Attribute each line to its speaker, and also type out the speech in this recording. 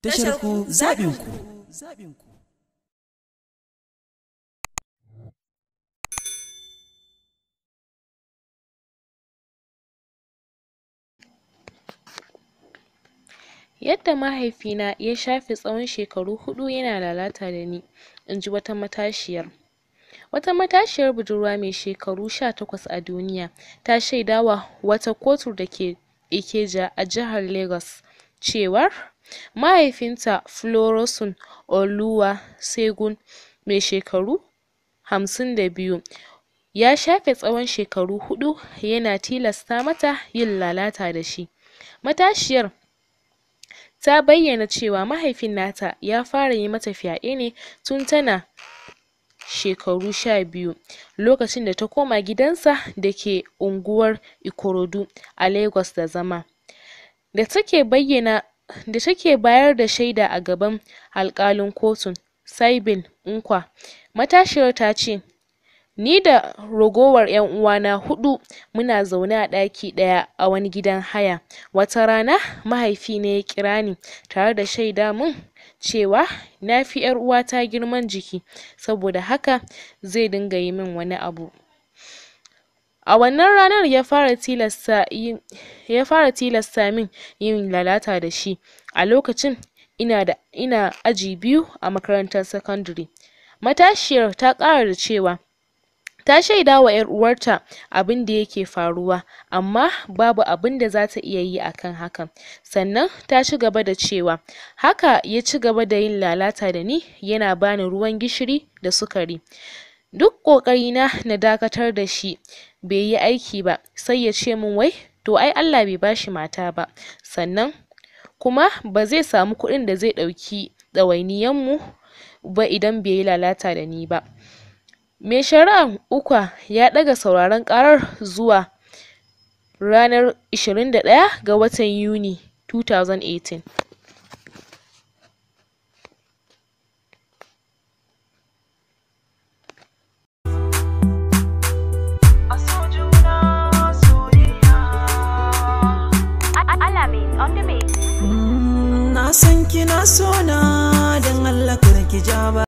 Speaker 1: tashar ku Yadda mahaifina ya shafe tsawon shekaru huɗu yana lalata da ni, in ji wata matashiyar. Wata matashiyar budurwa mai shekaru sha takwas a duniya ta shaidawa wata kotu da ke Ikeja a jihar Lagos cewar mahaifinta oluwa segun mai shekaru 52, ya shafe tsawon shekaru hudu yana tilasta mata yin lalata da shi. Matashiyar ta bayyana cewa mahaifin nata ya fara yi mata fyaɗe ne tun tana shekaru sha biyu lokacin da ta koma gidansa da ke unguwar Ikorodu a Lagos da zama. da take bayar da shaida a gaban alkalin kotun, saibin unkwa matashiyar ta ce: “Ni da ragowar ‘yan uwana hudu muna zaune a ɗaki ɗaya a wani gidan haya, wata rana mahaifi ne ya kira ni tare da shaida mun cewa na fi ‘yar uwata girman jiki, saboda haka zai dinga yi min wani abu. A wannan ranar ya fara tilasta min yin lalata da shi, a lokacin ina aji biyu a makarantar sakandare matashiyar ta ƙara da cewa ta shaida wa ‘yar uwarta abin da yake faruwa amma babu abin da za ta iya yi a kan hakan, sannan ta ci gaba da cewa haka ya ci gaba da yin lalata da ni yana ba ni ruwan gishiri da sukari. Duk ƙoƙarina na na dakatar da shi bai yi aiki ba sai ya ce min wai to ai Allah bai ba shi mata ba, sannan kuma ba zai samu kuɗin da zai ɗauki mu ba idan bai yi lalata da ni ba. Mai shari'ar uku ya ɗaga sauraron ƙarar zuwa ranar 21 ga watan Yuni, 2018. san kina da don Allah karki ja ba